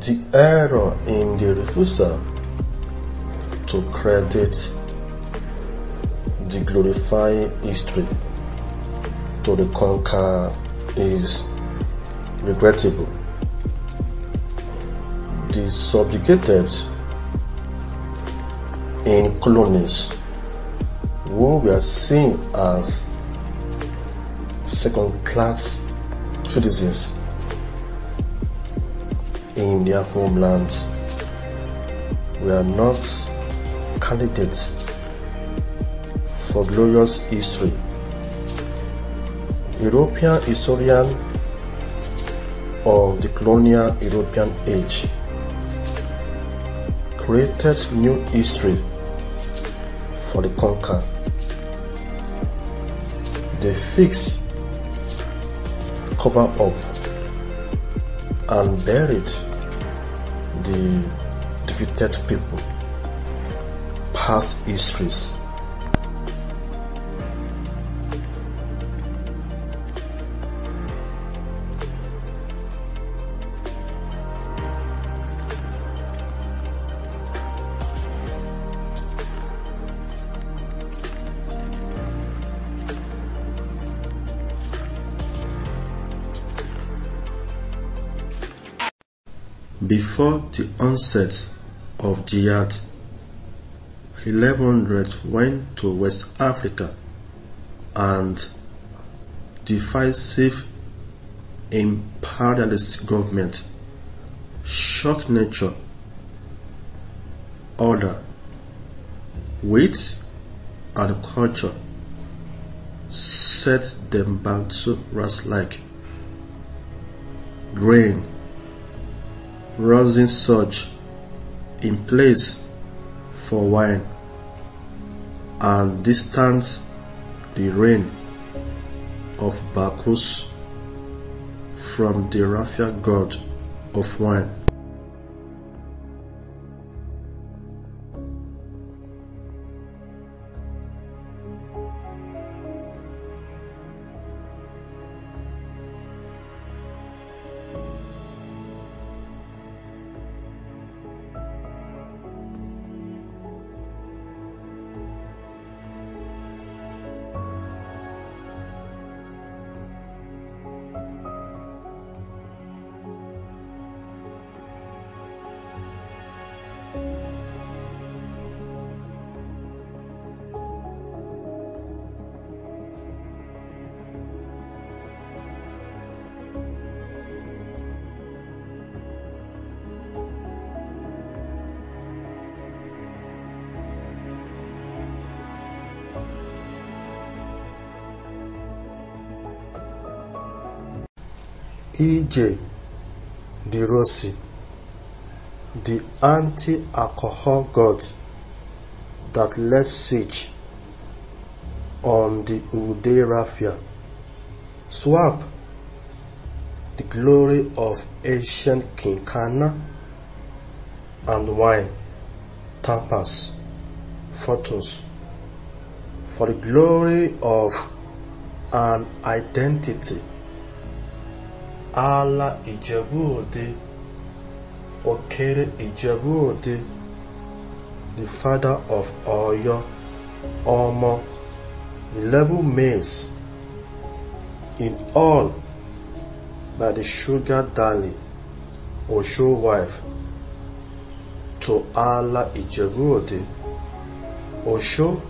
the error in the refusal to credit the glorifying history to the conqueror is regrettable. The subjugated in colonies who we are seen as second class citizens in their homelands. We are not candidates for glorious history. European historian of the colonial European age created new history for the conquer. They fix cover up and buried the defeated people. Past histories Before the onset of jihad, 1100 went to West Africa and divisive imperialist government, shock nature, order, wit, and culture set them back to rust like grain rosin surge in place for wine and distance the reign of Bacchus from the raphia god of wine. E.J. DeRossi, the anti-alcohol god that led siege on the Uday Rafia. Swap the glory of ancient King Kana and wine, tapas, photos, for the glory of an identity ala Ijebu Ode, Okere Ijebu Ode, the father of Oyo, Omo, 11 males in all by the sugar darling Osho wife to ala Ijebu Ode. Osho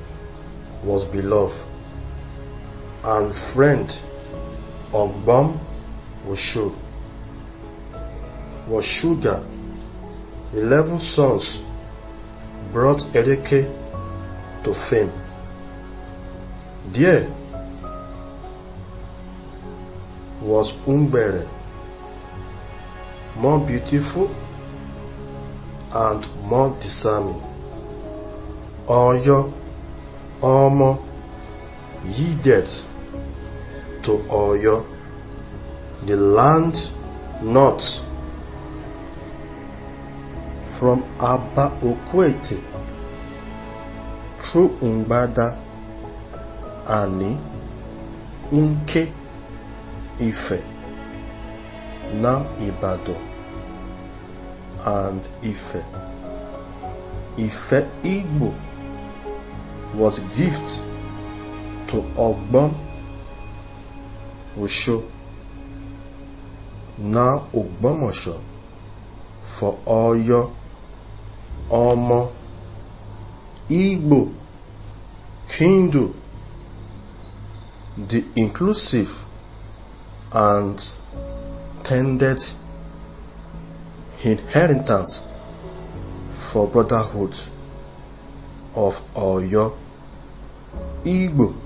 was beloved and friend of Bam Was sugar, eleven sons, brought Edeke to fame. There was Umbere, more beautiful and more disarming. Oyo, Omo, yielded to Oyo. The land, not from Aba Okwete through Ngbada Ani Nke Ife now Ibado, and Ife. Ife Igbo was gift to Ogbon Osho na Ogbomoso for Oyo, Omo, Igbo, Kindu, the inclusive and tended inheritance for brotherhood of Oyo, Igbo.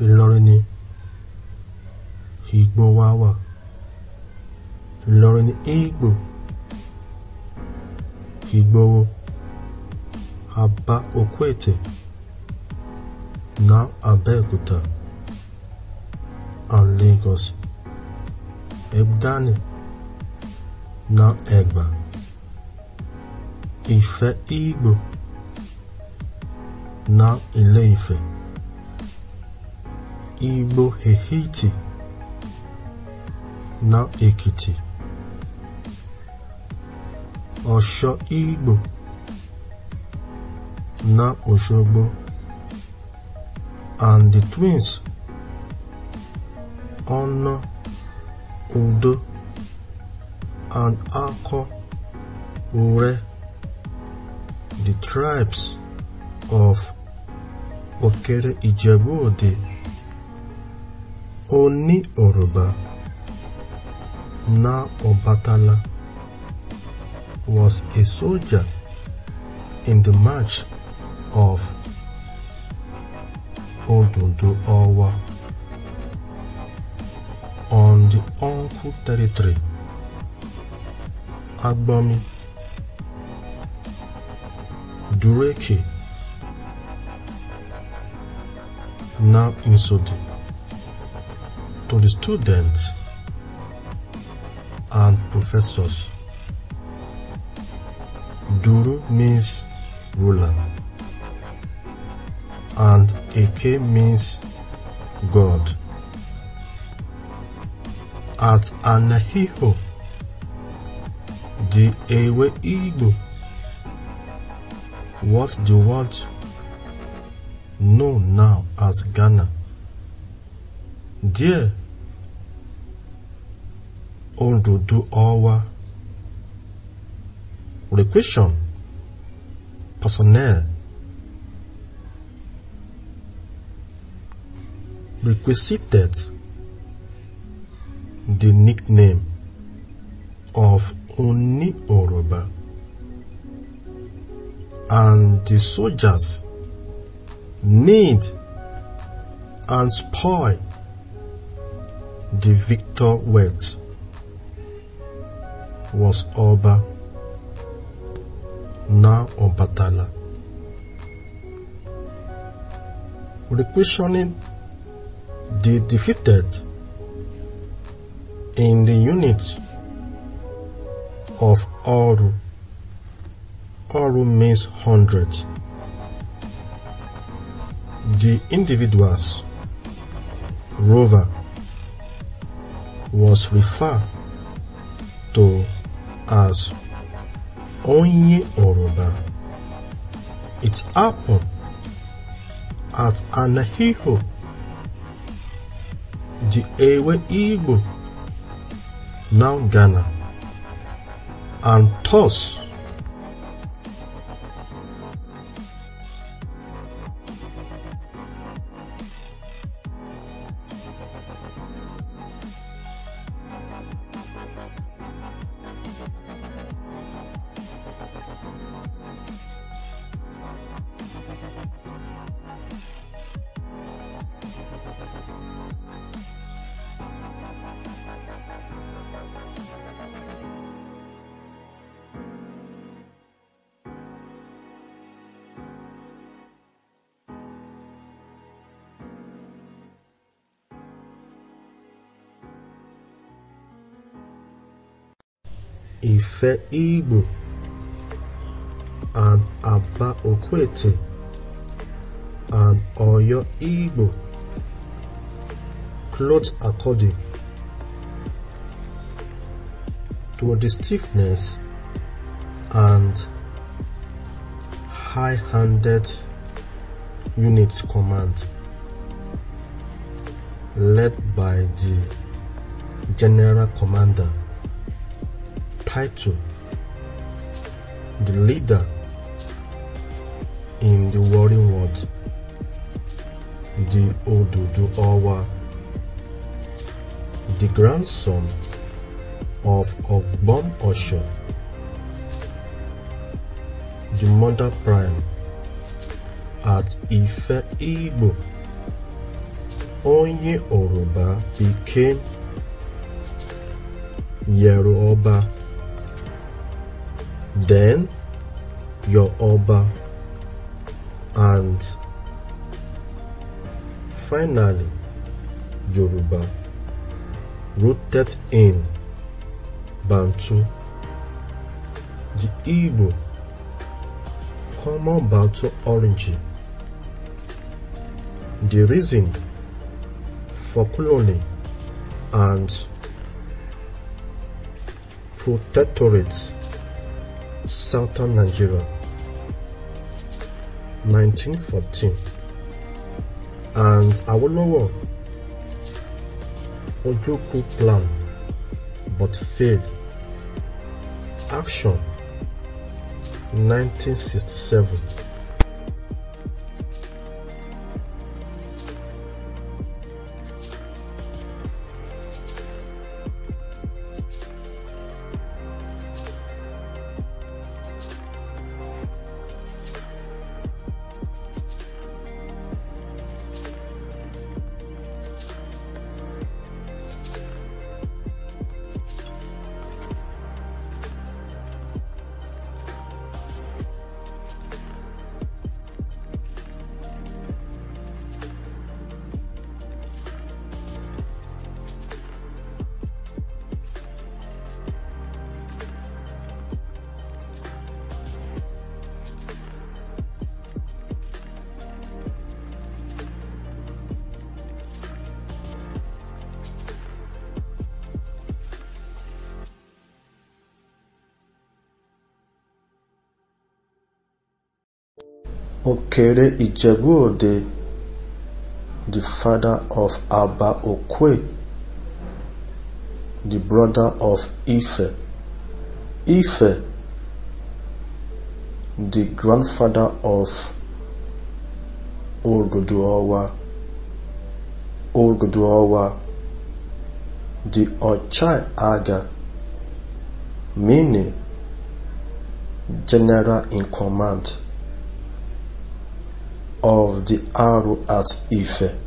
Ìlọrin ni Ìgbò wa wà Ìlọrin ni Ìgbò Ìgbòho Aba Okwete now Abeokuta and Lagos Egdani now Egba Ife Igbo na Ile-Ife Igbo Hehiti, na Ekiti. Osho Igbo, na Oshogbo. And the twins, Ono, Udo, and Ako, Ure, the tribes of Okere Ijebu Oni Oruba Na Obatala was a soldier in the march of to Owa on the Onku territory, Agbomi, Dureki, now Insodi to the students and professors. Duru means ruler and Eke means God. At Anahiho, the Ewe Igbo, what the world known now as Ghana. There ondudu our requisition personnel requisited the nickname of Oni Oroba and the soldiers need and spoil the victor words was Oba, now Obatala. With the questioning the defeated in the unit of Oru. Oru means hundreds. The individuals, rover, was referred to as Onye Oruba. It happened at Anahiho, the Ewe Igbo, now Ghana, and thus Ife Igbo, and Abba Okwete, and Oyo Igbo. Cloth according to the stiffness and high-handed units command led by the general commander title the leader in the warring world the Oduduawa the grandson of Ogbom Osho the mother prime at Ife Igbo Onye Oruba became Oba then your Oba, and finally Yoruba, rooted in Bantu. The Igbo, common Bantu origin. The reason for colony and protectorate Southern Nigeria 1914 and Awolowo Ojoku plan but failed. Action 1967 Okere Ijebu-Ode, the father of Aba Okwe, the brother of Ife. Ife, the grandfather of Oruduawa. Oruduawa, the Ochai Aga, meaning general in command of the arrow at Ife.